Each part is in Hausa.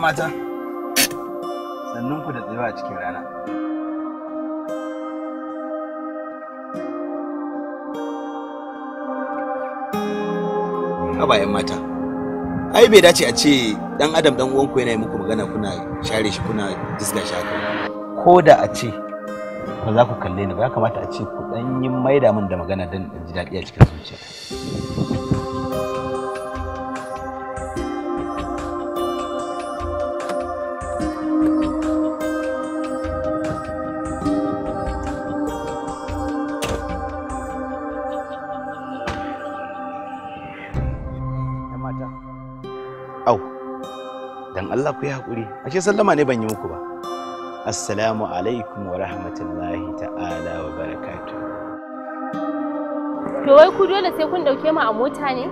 mata sannunku da tsayuwa a cikin rana haba 'yan mata ai bai dace a ce dan adam dan uwanku yana yi muku magana kuna share shi kuna diska shi haka ko da a ce ba za ku kalle ni ba ya kamata a ce ku dan yi maida min da magana dan ji daɗi a cikin zuciya Allah ku yi hakuri ashe sallama ne ban yi muku ba assalamu alaikum wa rahmatullahi ta'ala wa barakatu to wai ku dole sai kun dauke mu a mota ne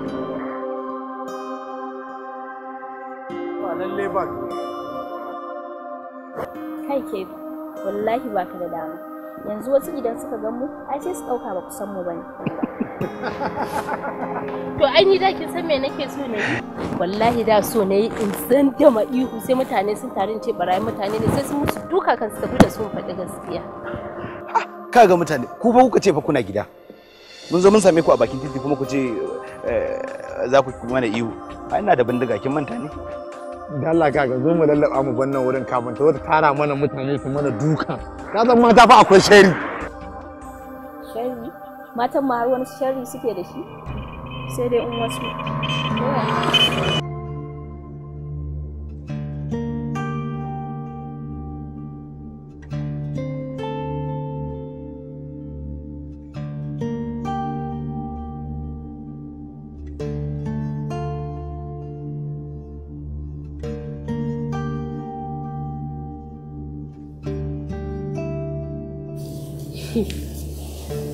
ba lalle ba kai ke wallahi ka da dama yanzu wasu idan suka gan mu ai sai su ɗauka ba kusan mu bane to ai ni da kin san me nake so ne wallahi da so ne in san da ma ihu sai mutane sun tare ce barayi mutane ne sai su musu duka kan su da su faɗi gaskiya ka ga mutane ku fa kuka ce fa kuna gida mun zo mun same ku a bakin titi kuma ku ce eh, za ku mana ihu ai ina da bindiga kin manta ne da Allah ka zo mu lallaba mu wannan wurin kafin ta wata tara mana mutane su mana duka ka san mata fa akwai shari Sharri? matan ma har wani shari suke da shi sai dai in wasu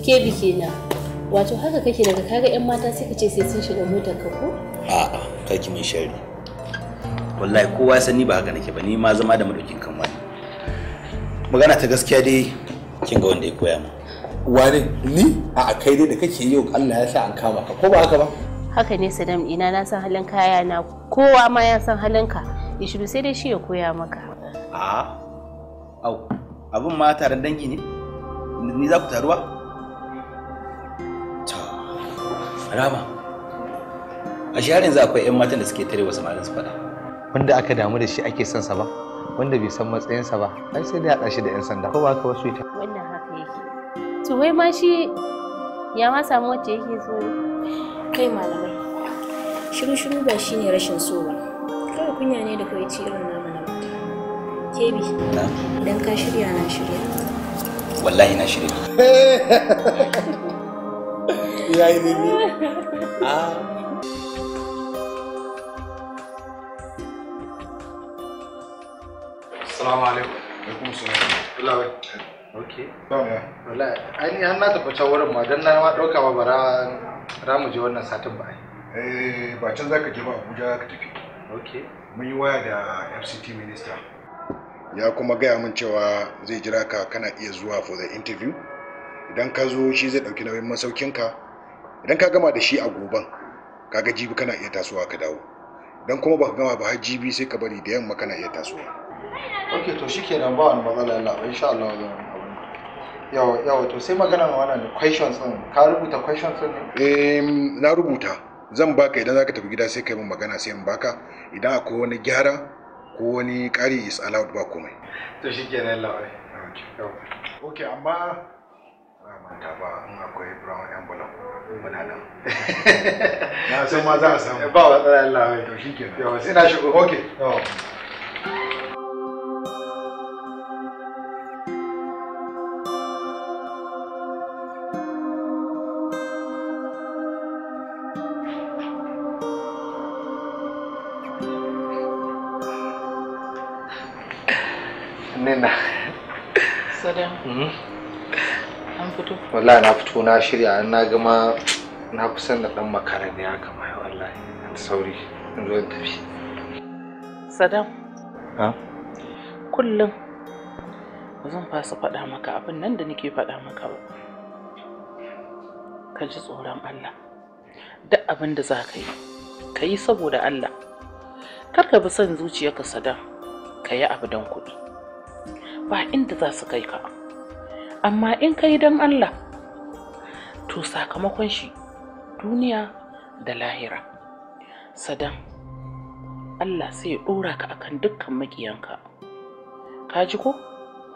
kebi kenan wato haka kake daga kaga yan mata sai ce sai sun shiga motar ka ko a'a kaki min shari wallahi kowa san ni ba haka nake ba ni ma zama da madaukin kan wani magana ta gaskiya dai kin ga wanda ya koya mu wani ni a kai dai da kake yau Allah ya sa an kama ka ko ba haka ba haka ne Sadam ina na san halin kaya na kowa ma ya san halin ka ya shiru sai dai shi ya koya maka a au abin ma taron dangi ne ni za ku taruwa rama a shaharin za akwai 'yan matan da suke tare wa samarin su faɗa wanda aka damu da shi ake son sa ba wanda bai san matsayinsa ba ai sai dai haɗa shi da 'yan sanda ko ba ka wasu ita wannan haka yake to wai ma shi ya ma samu wacce yake so kai malamai shiru shiru ba shi ne rashin so ba kawai kunya ne da kawai ci irin namu na mata kebi idan ka shirya na shirya wallahi na shirya ya yayi Ah. Alaikum salam. ya. na wurin ma ma bara je wannan satin ba eh, can je Abuja ka tafi. Mun yi Ya kuma gaya min cewa zai jira ka kana iya zuwa for the interview idan ka zo shi zai ɗauki nauyin masaukinka idan ka gama da shi a goban kaga jibi kana iya tasowa ka dawo dan kuma baka gama ba har jibi sai ka bari da yamma kana iya tasowa ok to shikenan ba wani matsala Allah insha Allah zan yawa yawa to sai magana ma wannan questions din ka rubuta questions din eh na rubuta zan baka idan zaka tafi gida sai kai min magana sai in baka idan akwai wani gyara ko wani ƙari is allowed ba komai to shikenan Allah ok amma manta ba in akwai brown envelope muna nan na san ma za a samu ba wa tsara Allah to shikenan yawa sai na shigo okay wallahi na fito na shirya na gama na kusan da dan makara ne haka mai wallahi sauri in zo in tafi sadam ha kullum ba zan fasa faɗa maka abin nan da nake faɗa maka ba ka ji tsoron Allah duk abin da za ka yi ka yi saboda Allah kar ka bi son zuciyarka sadam ka yi abu dan kuɗi ba inda za su kai ka amma in ka yi don Allah to sakamakon shi duniya da lahira sadan Allah sai ya ɗora ka akan dukkan makiyanka. ka ji ko?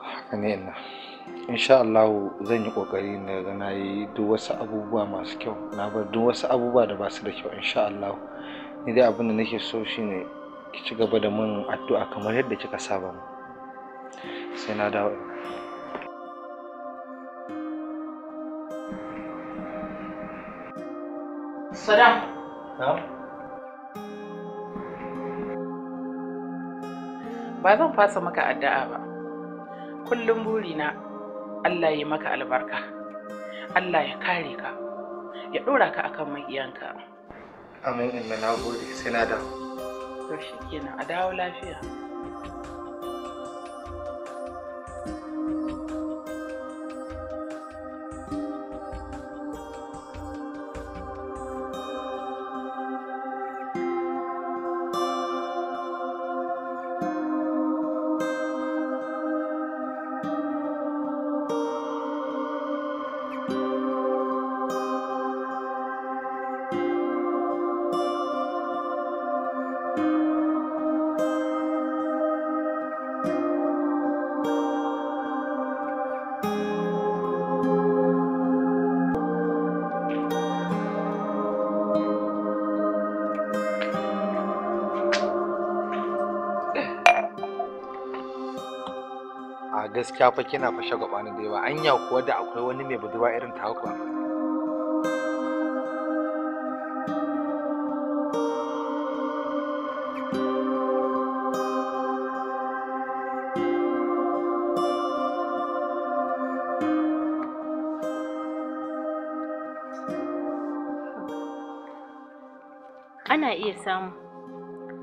haka insha Allah zan yi ƙoƙari na ga na yi duk wasu abubuwa masu kyau na bar duk wasu abubuwa da ba su da kyau insha Allah ni dai abin da nake so shine ki ci gaba da mun addu'a kamar yadda kika saba mu sai na dawo Saddam. Ba zan fasa maka addu'a ba. Kullum burina Allah ya maka albarka. Allah ya kare ka. Ya ɗora ka akan maƙiyanka. Amin inna na gode sai na dawo. To shi kenan a dawo lafiya. gaskiya kina fashe gabanin da yawa anya kuwa da akwai wani mai budurwa irin ta haka ana iya samu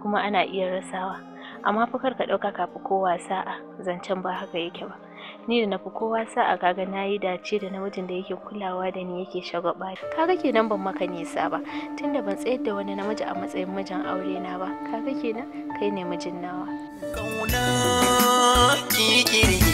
kuma ana iya rasawa amma fa ka ɗauka kafi kowa sa'a zancen ba haka yake ba ni da nafi kowa sa'a kaga nayi dace da namijin da yake kulawa da ni yake shagwaba kaga kenan ban maka nisa ba tunda ban tsayar da wani namiji a matsayin mijin aure na ba kaga kenan kai ne mijin nawa kauna kikiri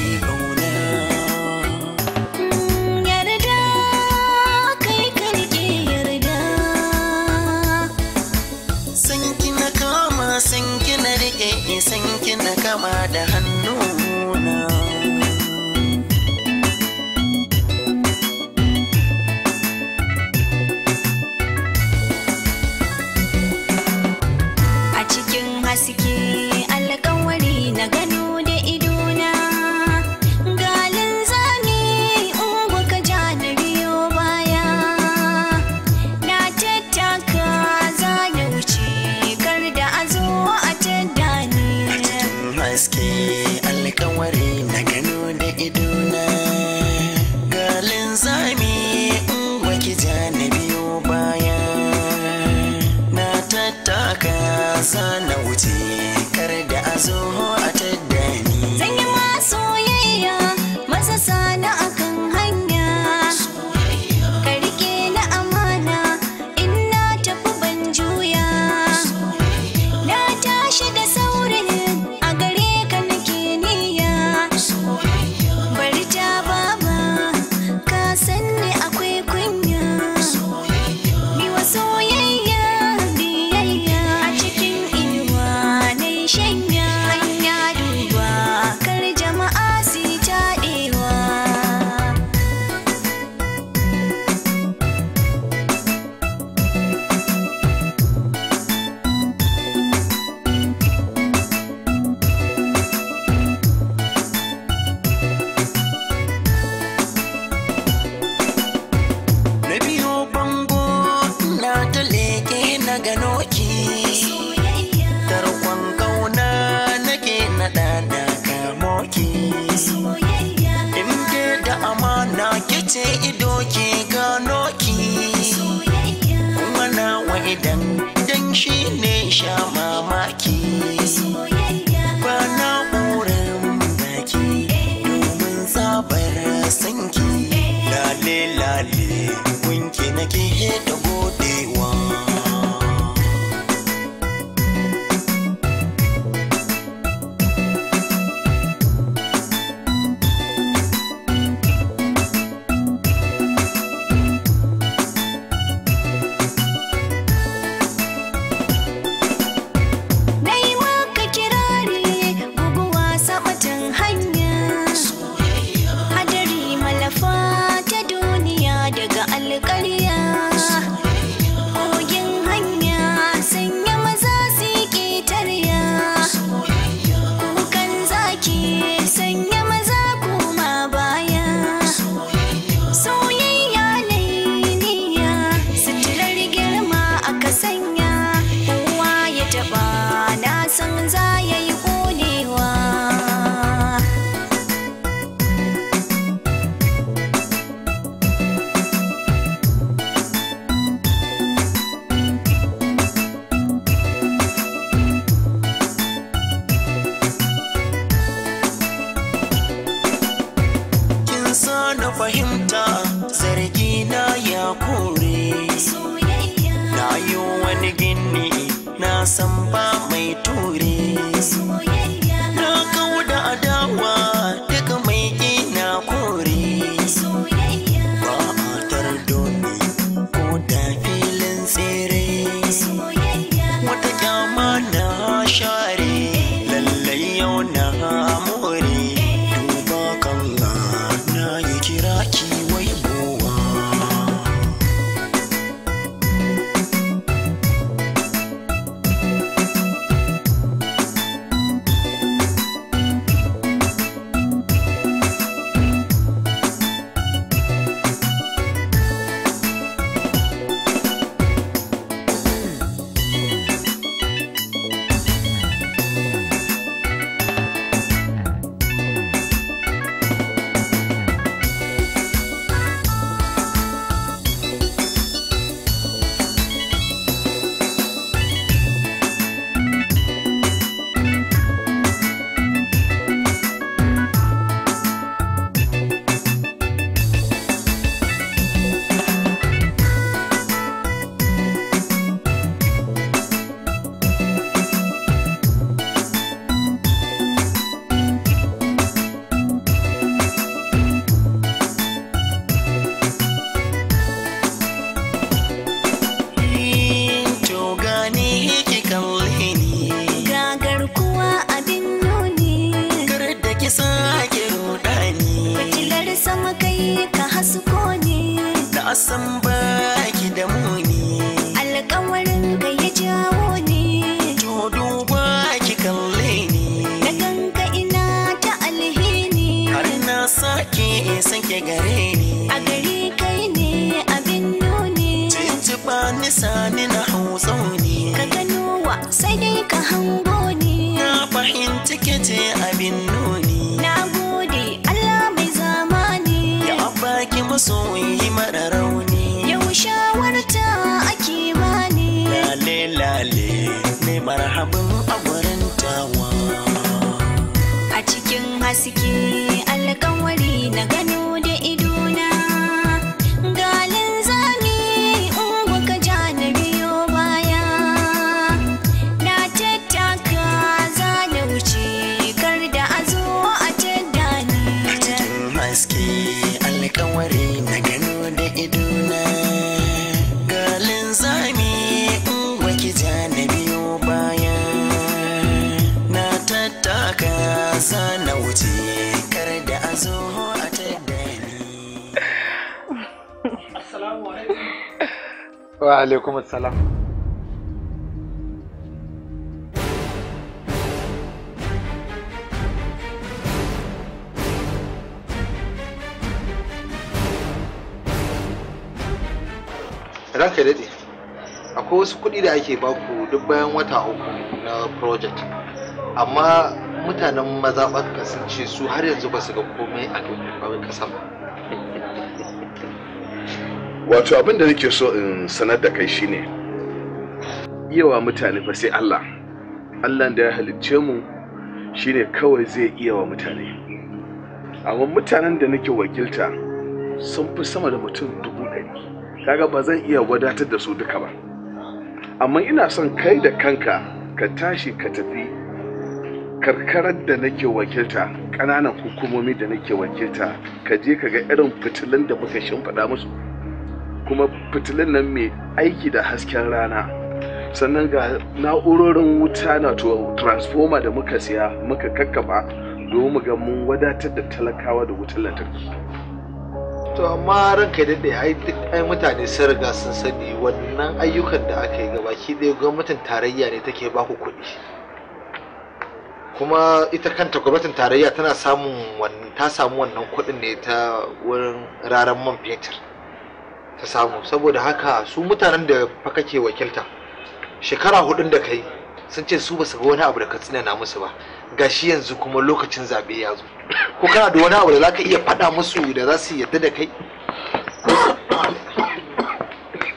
idan dan shi ne sha mamaki ba na'urar baki domin sabar sanki lale lale gunki nake da Sun yi mara rauni yau shawarta ake bani lale lale ne marhabin a gurin tawa a cikin haske wa alaikum ranka daɗe akwai wasu kuɗi da ake baku duk bayan wata uku na project amma mutanen mazaɓarka sun ce su har yanzu ba su ga komai a ƙasar ba wato abin da nake so in sanar da kai shine yawa mutane fa sai Allah Allah da ya halicce mu shine kawai zai iya wa mutane amma mutanen da nake wakilta sun fi sama da mutum dubu ɗari kaga ba zan iya wadatar da su duka ba amma ina son kai da kanka ka tashi ka tafi karkarar da nake wakilta ƙananan hukumomi da nake wakilta ka je ka ga irin fitilun da muka shimfiɗa musu kuma fitilin nan mai aiki da hasken rana sannan ga na'urorin wuta na transformer da muka siya muka kakkaba domin mu ga mun wadatar da talakawa da wutar lantarki to amma ranka dai ai duk ai mutane sun riga sun sani wannan ayyukan da aka yi gabaki dai gwamnatin tarayya ne take baku kuɗi kuma ita kanta gwamnatin tarayya tana samun ta samu wannan kuɗin ne ta wurin raran man fetur ta samu saboda haka su mutanen da fa kake wakilta shekara hudun da kai sun ce su basu ga wani abu da ka tsinana musu ba ga shi yanzu kuma lokacin zabe ya zo ko kana da wani abu da zaka iya faɗa musu da za su yadda da kai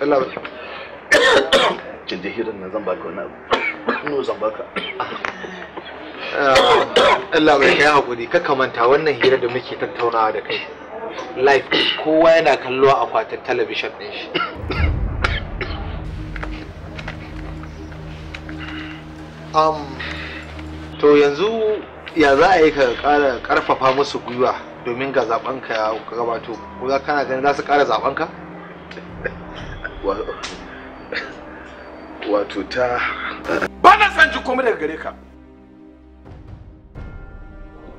Allah da hirin zan baka wani no zan baka ah, Allah bai kai hakuri ka kamanta wannan hira da muke tattaunawa da kai live kowa yana kallo a akwatin talabishin ɗin shi um, to yanzu ya za a yi ka kara ƙarfafa musu gwiwa domin ga zaben ka ya gabato ko za kana ganin za su ƙara zaben ka wato ta ba na san ji komai daga gare ka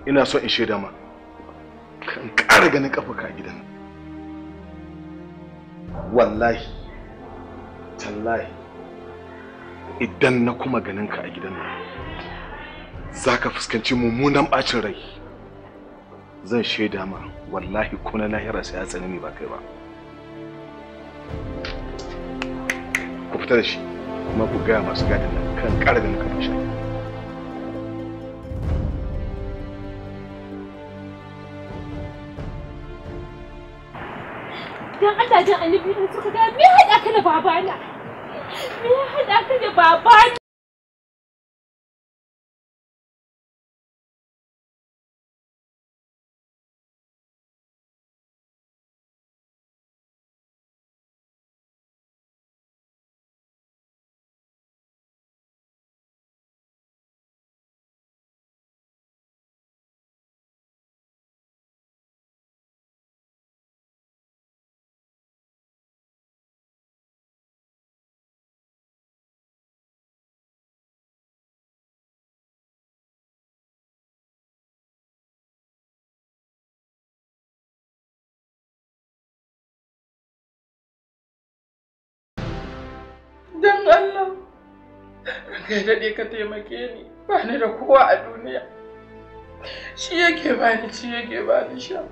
ina so in shaida ma kan ƙara ganin ƙafaka gidan wallahi tallahi idan na kuma ganin ka a gidan nan za ka fuskanci mummunan ɓacin rai zan shaida ma wallahi ko na lahira sai ya tsanani ba kai ba ku fita da shi kuma ku gaya masu gadin nan kan ƙara ganin ka Idan Allah dan annabi na suka ga me haɗa ka da babana? Me haɗa ka da babana? Allah kai daɗe ka taimake ni ba ni da kowa a duniya shi yake ba ni shi yake ba ni sha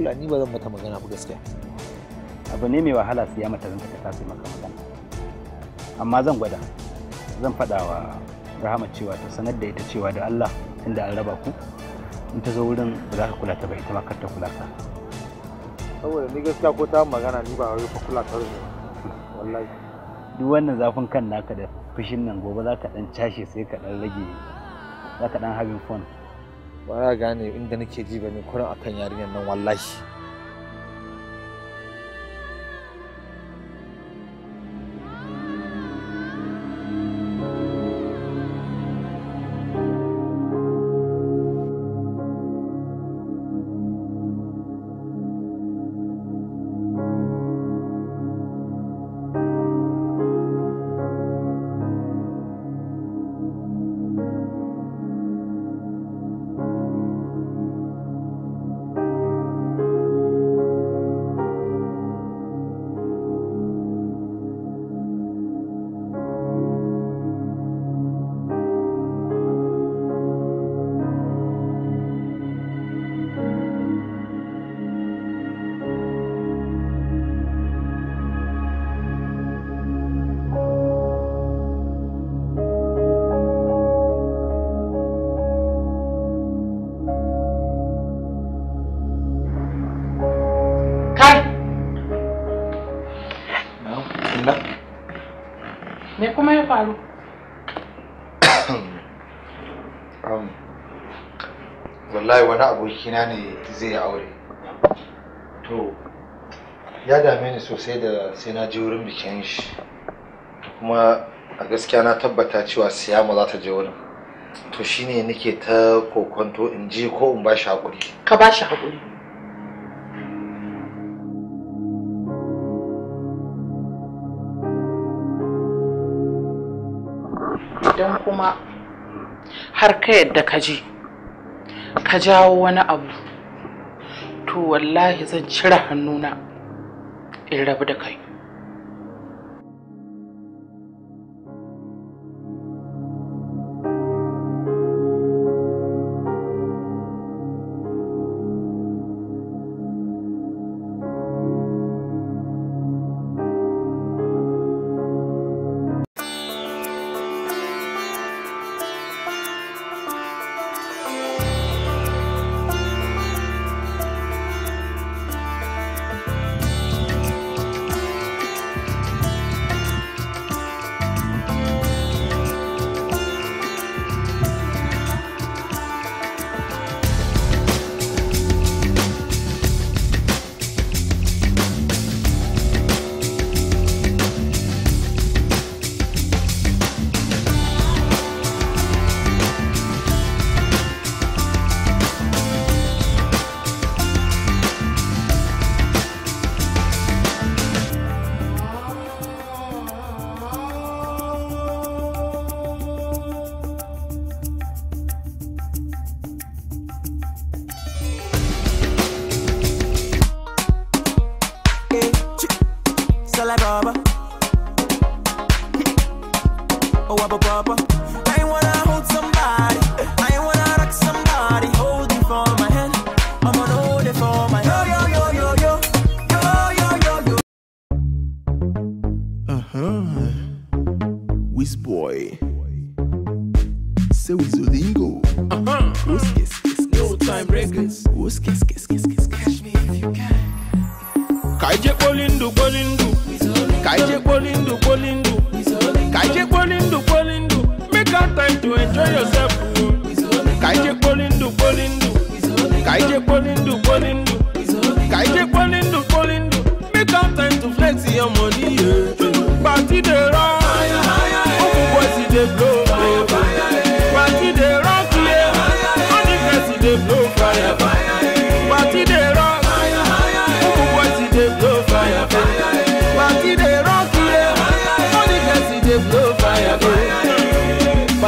fulani ba zan mata magana ba gaskiya abu ne mai wahala sai ya mata zan ta kasa maka magana amma zan gwada zan faɗa wa rahama cewa ta sanar da ita cewa da Allah tunda an raba ku in ta zo wurin ba za ka kula ta ba ita ma ta kula ka saboda ni gaskiya ko ta magana ni ba wai fa kula ta ne wallahi duk wannan zafin kan naka da fushin nan gobe za ka dan cashe sai ka dan rage za ka dan habin phone ba za gane inda nake ji ba ne kuran akan yarinyar nan wallahi wallahi wani abokina ne zai aure to ya dame ni sosai da sai na je wurin bikin shi kuma a gaskiya na tabbata cewa siyama za ta je wurin to shine nake ta kokonto in je ko in ba shi haƙuri ka ba shi haƙuri Idan kuma har ka yadda ka ji ka jawo wani abu to wallahi zan cire hannuna in rabu da kai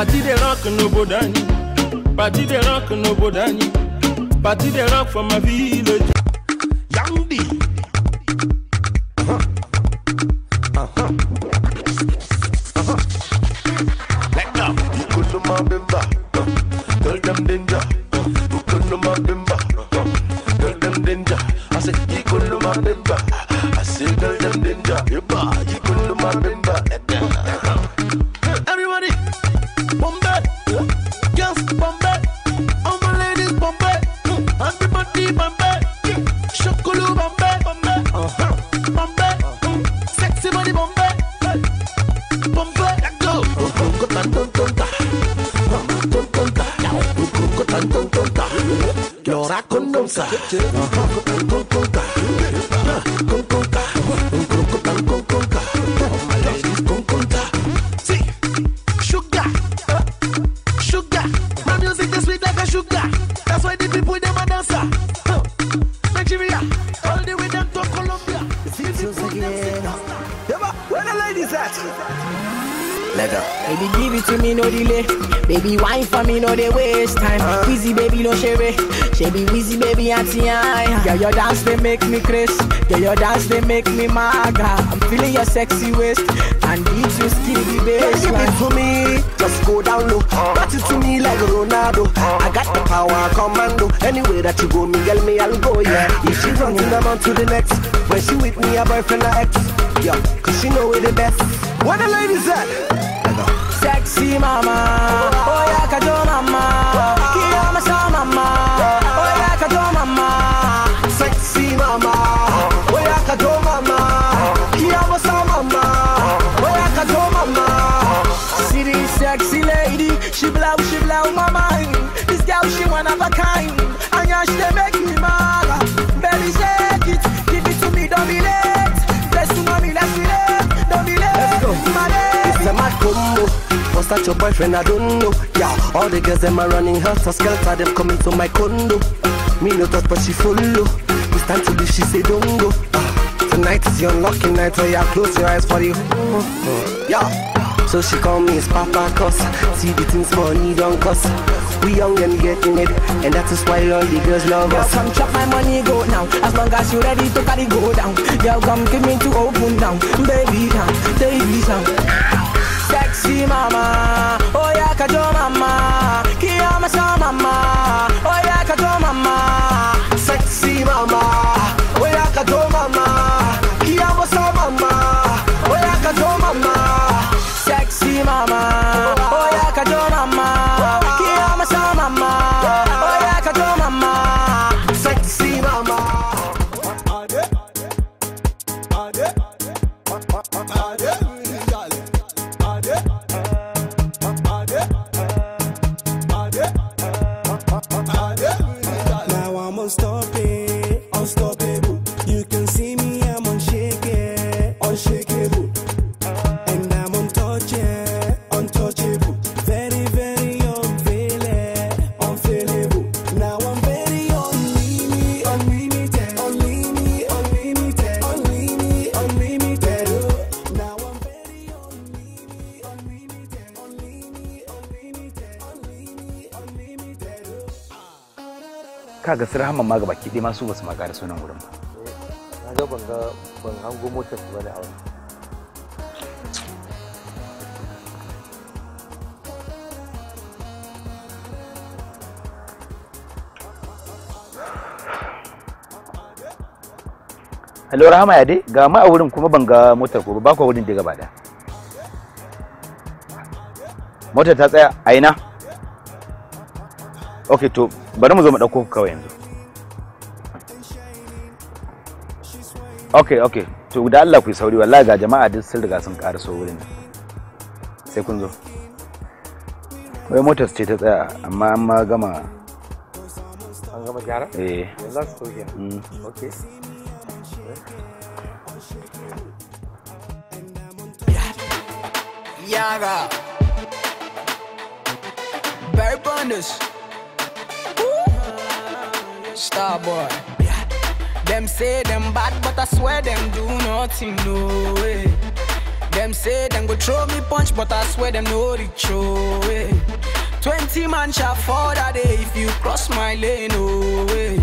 Party the rock n'obodo anyị. Party the rock n'obodo anyị. Party the rock for my village. to pretty Yeah, your dance they make me crazy. Yeah, your dance they make me maga. I'm feeling your sexy waist and beat you skinny bass. Give it to me, just go down low. Pat it to me like Ronaldo. I got the power commando. Anyway that you go, me girl, me I'll go. Yeah, if she running, I'm on to the next. When she with me, a boyfriend, a ex. Yeah, cause she know we the best. What the ladies at? Sexy mama. Oh, at your boyfriend, I don't know. Yeah, all the girls them are running helter skelter, them coming to my condo. Me no touch, but she follow. It's time to leave, she say don't go. Ah, tonight is your lucky night, so yeah, close your eyes for you. Mm-hmm. Yeah. So she call me, it's Papa Cos. See the things money don't cost. We young and getting it, and that is why all the girls love Girl, us. come chop my money, go now. As long as you ready to carry, go down. Girl, come give me to open down, baby now, baby now. Mama, oh ya, kajo mama, kiama mama Ka ga su rahama ma baki ɗaya ma su basu ma sunan wurin ba na ga ban ga ban hango motar su bane a wani Hello Rahama ya dai ga ma a wurin kuma ban ga motar ko ba ku wurin da gaba da motar ta tsaya a ina ok to bari mu zo mu dauko ku kawai yanzu ok ok to da Allah ku yi sauri wallahi ga jama'a duk sun riga sun ƙara so wurin sai kun zo wai motar ce ta tsaya amma an ma gama an gama gyara? eh za su mm. ok yara bare bonus star boy. Yeah. Them say them bad, but I swear them do nothing, no way. Them say them go throw me punch, but I swear them no reach Oh way, Twenty man shall fall that day if you cross my lane, no way.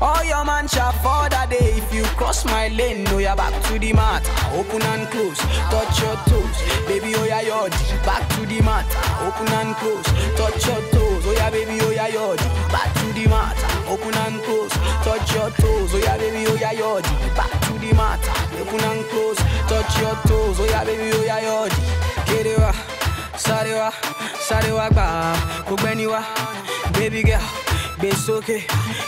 All your man shall fall that day if you cross my lane. No, you're back to the mat. Open and close, touch your toes, baby. Oh yeah, your back to the mat. Open and close, touch your toes, oh yeah baby, oh yeah yodi. Back to the matter, open and close. Touch your toes, oh yeah baby, oh yeah yodi. Back to the matter, open and close. Touch your toes, oh yeah baby, oh yeah yodi. Get it wa, sorry wa, sorry wa, ba, baby girl. Besoke,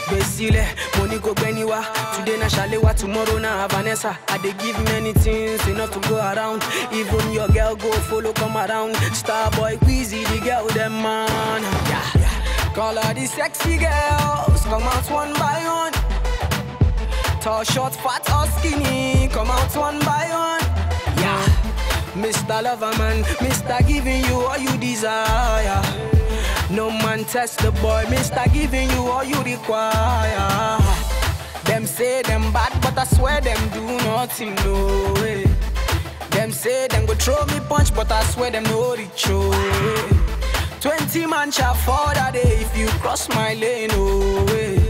Besile, money go anywhere. Today na Shalewa, tomorrow na Vanessa. I dey give many things, enough to go around. Even your girl go follow come around. Star boy Queasy, the girl dem man. yeah. Call all the sexy girls, come out one by one. Tall, short, fat or skinny, come out one by one. Yeah, Mr. Loverman, Mr. Giving you all you desire. No man test the boy, mister giving you all you require. Them say them bad, but I swear them do nothing, no way. Them say them go throw me punch, but I swear them no reach, Twenty man shall fall that day if you cross my lane, no way.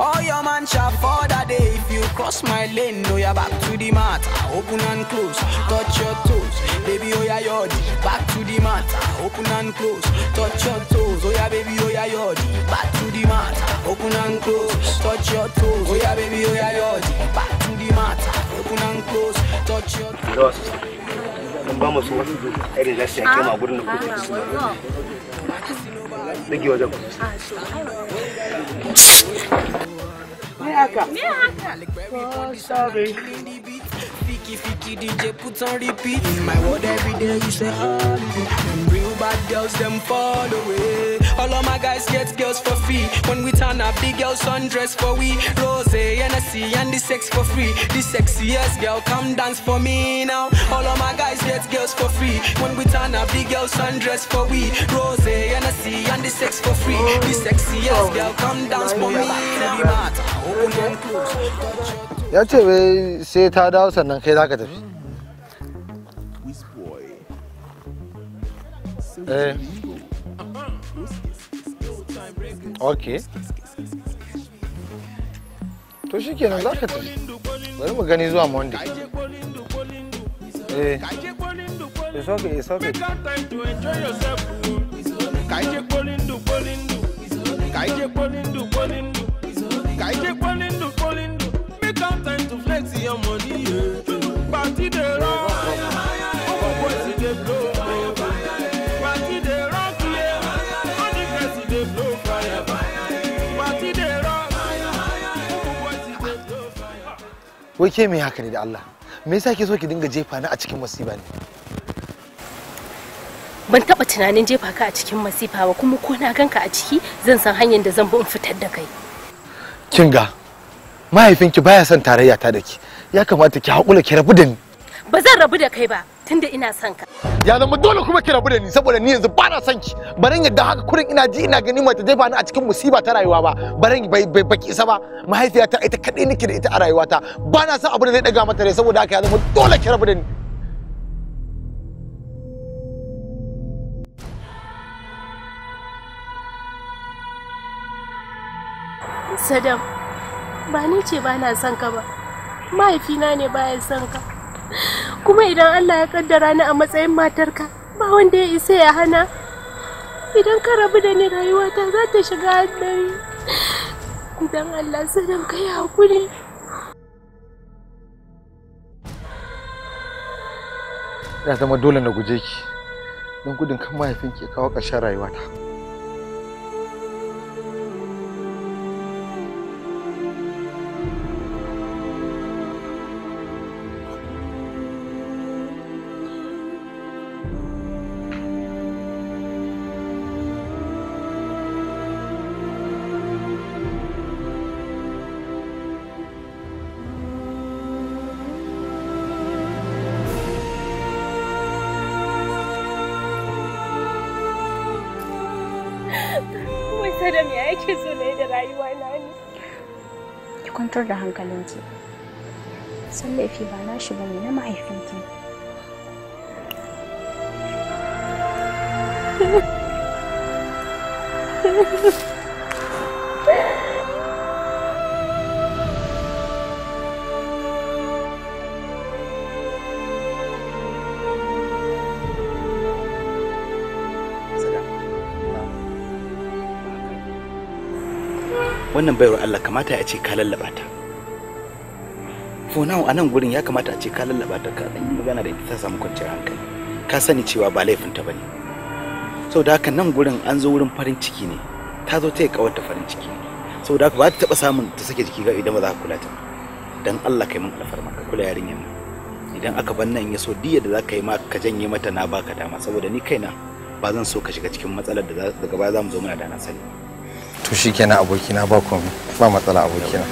All your man shall for that day. If you cross my lane, no, you're back to the mat. Open and close, touch your toes. Baby, oh yeah, yodi. Back to the mat. Open and close, touch your toes. Oh yeah, baby, oh yeah, yodi. Back to the mat. Open and close, touch your toes. Oh yeah, baby, oh yeah, yodi. Back to the mat. Open and close, touch your toes. Mun ba mu so irin lasiya kema a gurin da kuke suna haka. Me oh, sorry. Fiki fiki DJ put on repeat. In my world every day you say holiday. real bad girls them fall away. All of my guys get girls for free. When we turn up, the girls undress for we. Rose, Hennessy, and the sex for free. The sexiest girl come dance for me now. All of my guys get girls for free. When we turn up, the girls undress for we. Rose, Hennessy, and the sex for free. The sexiest oh. girl come dance for me now. ya ce wai sai ta dawo sannan kai za ka tafi eh. ok to shi kenan za ka tafi bari mu gani zuwa monday eh. it's okay it's okay kaije polindu polindu. kaije polindu polindu. Ka ije kpoli ndụ kpoli ndụ make am time to flex your money yeah. party dey run ọgbọ boys dey blow party dey run clear all the girls dey blow fire party dey run ọgbọ boys dey blow fire. Wai ke me haka ne da Allah me yasa ke so ki dinga jefa ni a cikin masiba ne? ban taba tunanin jefa ka a cikin masifa ba kuma ko na ganka a ciki zan san hanyar da zan bi in fitar da kai kin ga mahaifinki baya son tarayya ta da ya kamata ki haƙula ki rabu da ni ba zan rabu da kai ba tunda ina son ka ya zama dole kuma ki rabu da ni saboda ni yanzu ba na son ki baran yadda haka kurin ina ji ina gani mata ba ni a cikin musiba ta rayuwa ba baran bai bai baki sa ba mahaifiyata ita kadai nake da ita a rayuwata ba na son abu da zai daga mata rai saboda haka ya zama dole ki rabu da ni sadam ba ni ce ba na son ka ba mahaifina ne baya son ka kuma idan allah ya kaddara ni a matsayin matar ka ba wanda ya isa ya hana idan ka rabu da ni rayuwata za ta shiga haddari idan allah sadam ka yi hakuri ya zama dole na guje ki don gudun kan mahaifinki ya kawo ƙarshen rayuwata. laifi ba na shi bane na mahaifinki wannan baiwar Allah kamata ya ce ka lallaba ta ko nawa a nan gurin ya kamata a ce ka lallaba ta ka yi magana da ita ta samu kwanciyar hankali ka sani cewa ba laifin ta bane da haka nan gurin an zo wurin farin ciki ne ta zo ta yi kawar ta farin ciki da haka ba ta taba samun ta sake jiki ga idan ba za ka kula ta dan Allah kai mun alfarma ka kula yarinyar nan idan aka ban nan ya so diya da za ka yi ma ka janye mata na baka dama saboda ni kaina ba zan so ka shiga cikin matsalar da daga baya za mu zo muna da na sani to shikenan abokina ba komai ba matsala abokina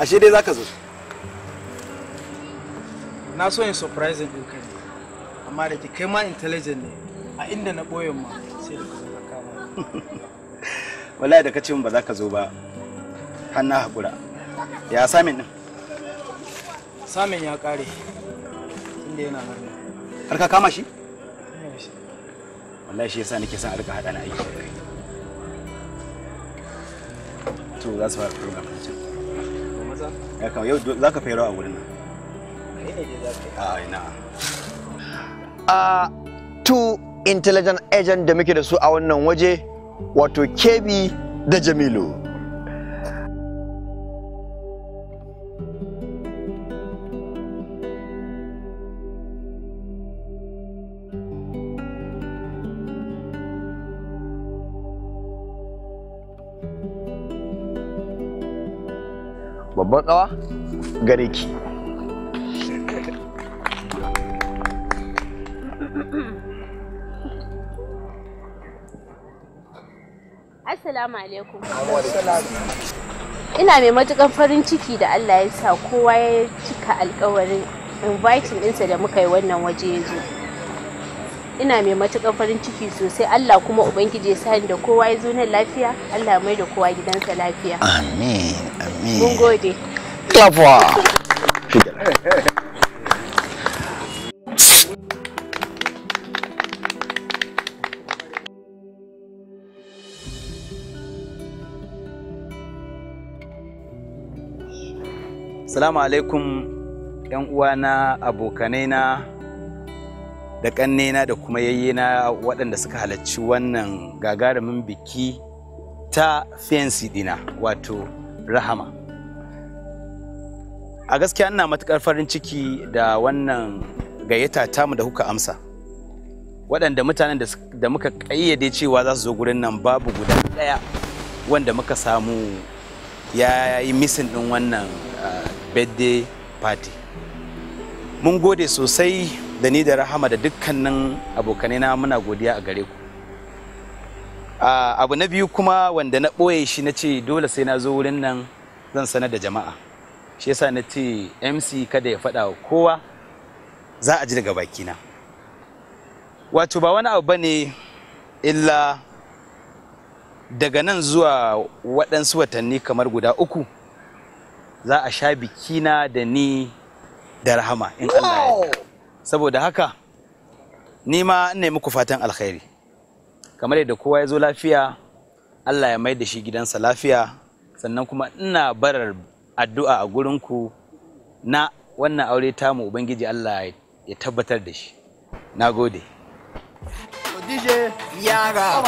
ashe dai zaka zo na so in surprise din kai amma da ke kai ma intelligent ne a inda na boyen ma sai da ka ka kama wallahi da kace min ba za ka zo ba har na hakura ya samin din samin ya kare inda yana hannu har ka kama shi wallahi shi yasa nake son arka hada na aiki to za su fara program ɗin ya kawo yau za ka fayarwa a wurin nan a ina intelligent agent da muke da su a wannan waje wato kebi da jamilu babban kawa gare ki Assalamu alaikum. Ina mai matukan farin ciki da Allah ya sa kowa ya cika alkawarin inviting ɗinsa da muka yi wannan waje ya zo. ina mai matuƙar farin ciki sosai Allah kuma ubangiji ya sani da kowa ya zo nan lafiya Allah mai da kowa gidansa lafiya amin amin mun gode clapwa Salamu alaikum ‘yan uwana abokanai na da ƙannena da kuma yayyena waɗanda suka halarci wannan gagarumin biki ta fensi dina wato rahama a gaskiya ina matuƙar farin ciki da wannan gayyata mu da kuka amsa waɗanda mutanen da muka ƙayyade cewa za su zo gurin nan babu guda ɗaya wanda muka samu ya yi misin ɗin wannan ah, birthday party mun gode sosai da ni da rahama da dukkanin abokanai na muna godiya a gare ku abu na biyu kuma wanda na ɓoye shi na ce dole sai na zo wurin nan zan sanar da jama'a shi yasa na ce mc kada ya faɗa wa kowa za a ji daga bakina wato ba wani abu bane illa daga nan zuwa waɗansu watanni kamar guda uku za a sha bikina da ni da rahama in Allah ya saboda haka ni ma ina muku fatan alkhairi kamar yadda kowa ya zo lafiya Allah ya mai da shi gidansa lafiya sannan kuma ina barar addu'a a gurinku na wannan aure tamu ubangiji Allah ya tabbatar da shi na gode Yara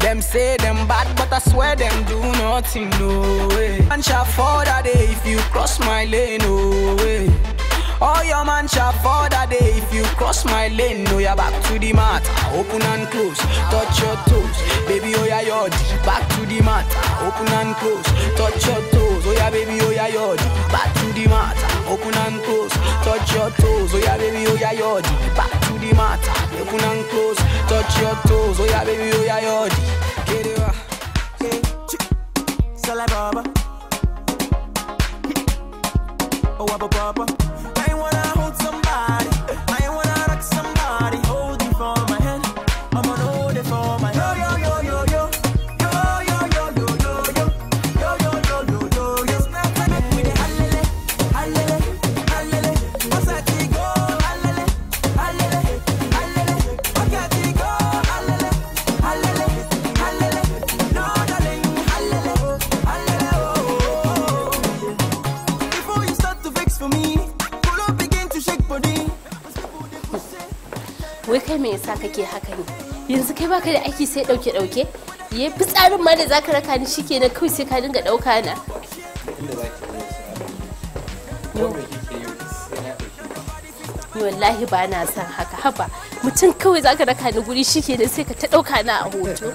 Them say them bad, but I swear them do nothing, no way. Man shall for that day if you cross my lane, no way. oh your man shall fall that day if you cross my lane. No, you're back to the mat. Open and close, touch your toes. Baby, oh yeah, yod. Back to the mat. Open and close, touch your toes. Oh yeah, baby, oh yeah, yod. Back to the mat open and close. Touch your toes, oh yeah, baby, oh yeah, yodi. Back to the matter, open and close. Touch your toes, oh yeah, baby, oh yeah, yodi. Get it right. yeah, baba, oh baba baba, ain't wanna. me yasa kake haka ne yanzu kai baka da aiki sai dauke dauke ye fitsarin ma da zaka raka ni shikenan kawai sai ka dinga dauka na ni wallahi ba na san haka haba mutum kawai zaka raka ni guri shikenan sai ka ta dauka na a hoto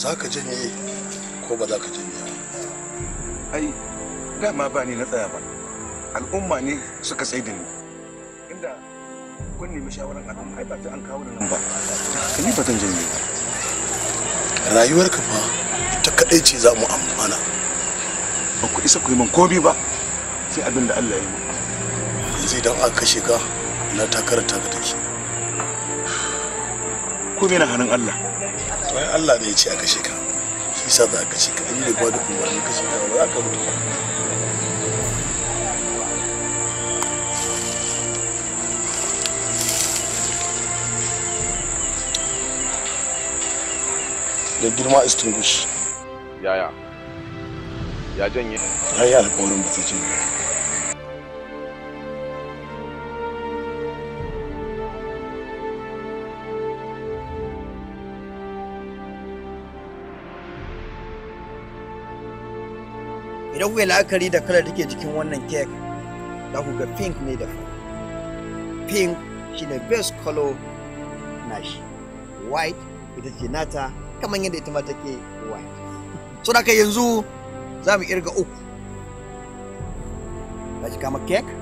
za ka janye ko ba za ka janye ba ai dama ba ni na tsaya ba al'umma ne suka tsaye da ni inda kun nemi shawaran al'umma ai ba ta an kawo nan ba ni ba zan janye ba rayuwarka fa ita kadai ce za mu amfana ba ku isa ku yi man komi ba sai abin da Allah ya yi yanzu idan aka kashe ka na takarar taka take komai na hannun Allah to Allah ne ya ce a kashe ka shi sa za a kashe ka ni da gwada umarnin kashe ka ba za ka mutu da girma istinguish yaya ya janye ai alƙawarin ba ta janye idan la'akari da kalar ke jikin wannan kek za ku ga pink ne da fari pink shi ne best color nashi white ita ce nata kamar yadda ita ma take white so da yanzu za mu irga uku za ki kama cake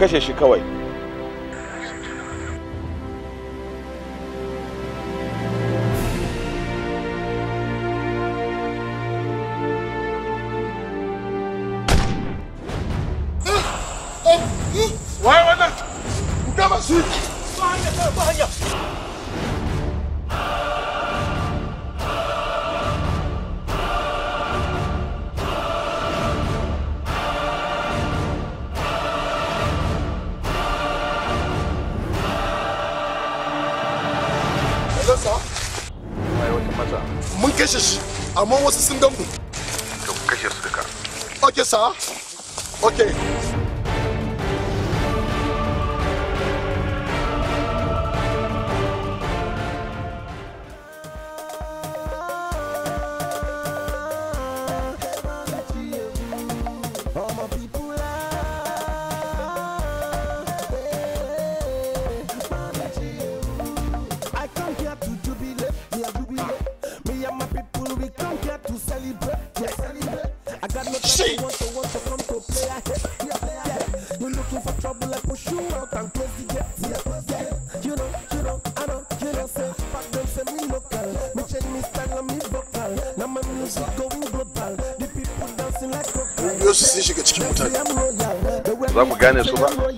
kashe shi kawai kashe shi amma wasu sun gan mu. Ka kashe su duka. Okay, sir. Okay. Janderson.